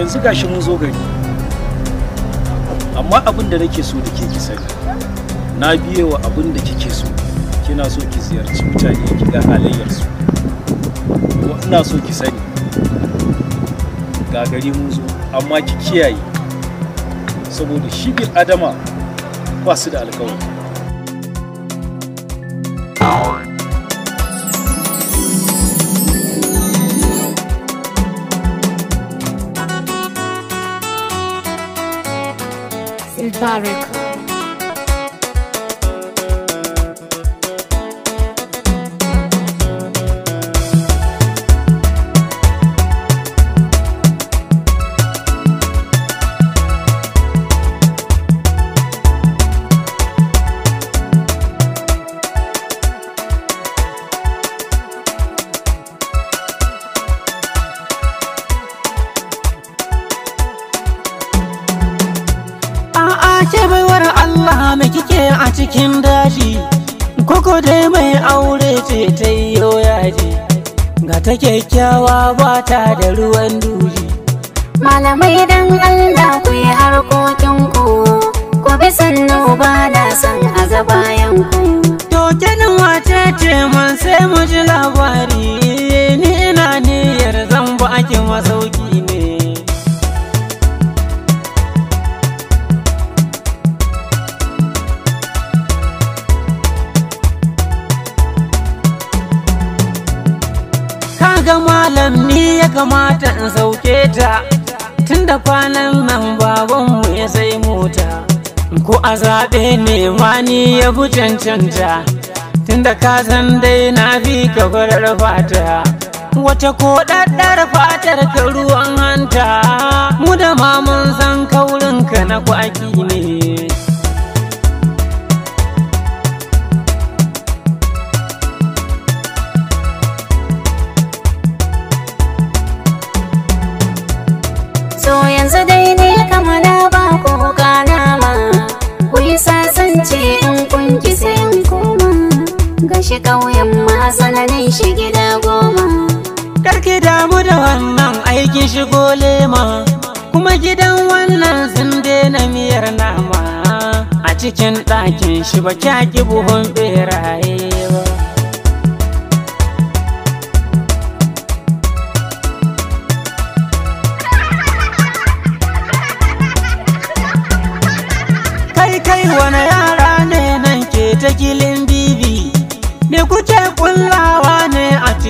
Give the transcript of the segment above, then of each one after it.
yanzu gashi mun zo gari amma abin da nake so da ke ki sani na biye wa abin da kike so kina so ki ziyarci mutane ki ga halayyarsu ko ina so ki sani ga gari mun zo amma ki kiyaye saboda shi bil adama ba su da alkawari Barack. ce baiwar Allah mai kike a cikin daji Koko dai mai aure ce ta yi yaji Ga ta kyakkyawa ba ta da ruwan duji Malamai dan Allah ku yi harkokin ku Ku bi sannu ba na son a bayan ku malam ni ya kamata in sauke ta tunda kwanan nan babanmu ya sai mota ko a zaɓe ne ma ya fi cancanta tunda ka san dai na fi ka farar fata wata ko ɗaɗɗar fatar ka ruwan hanta mu da mamun san kaurinka na kwaki shi gida goma Karki damu da wannan aikin shigo lema Kuma gidan wannan sun daina miyar nama A cikin ɗakin shi ba kyaki buhun beraye ba Kai kai wani yara ne nan ke ta kilin bibi Me kuke kulla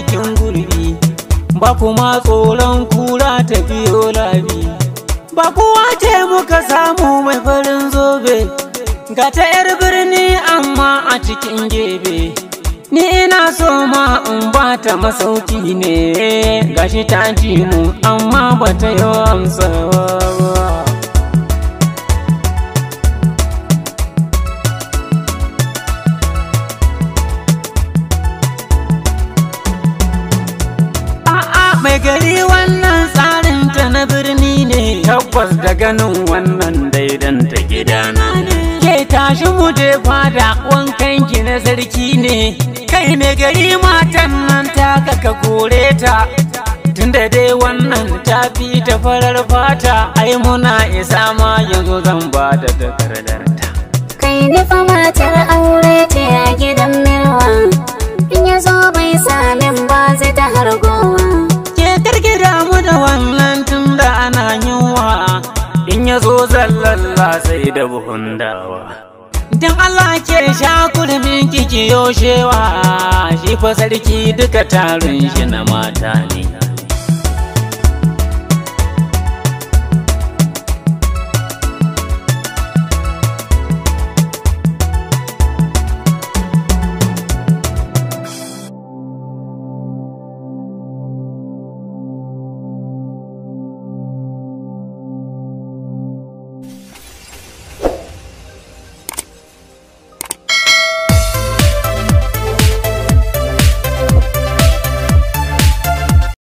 cikin gurbi ba kuma tsoron kura ta biyo labi ba kuwa ce muka samu mai farin zobe ga ta 'yar birni amma a cikin gebe ni ina so ma in ba ta masauki ne gashi ta ji mu amma ba ta yi amsa gari wannan tsarin ta na birni ne tabbas da ganin wannan daidan ta gidana ne ke tashi mu je fada wankan ki na sarki ne kai mai gari matan nan ta ka kore ta tunda dai wannan ta fi ta farar fata ai muna isa ma yanzu zan ba da takardar ta kai nufa matar sai da buhun dawa dan Allah ke sha kurmin kiki yoshewa shi fa sarki duka tarin shi na mata ne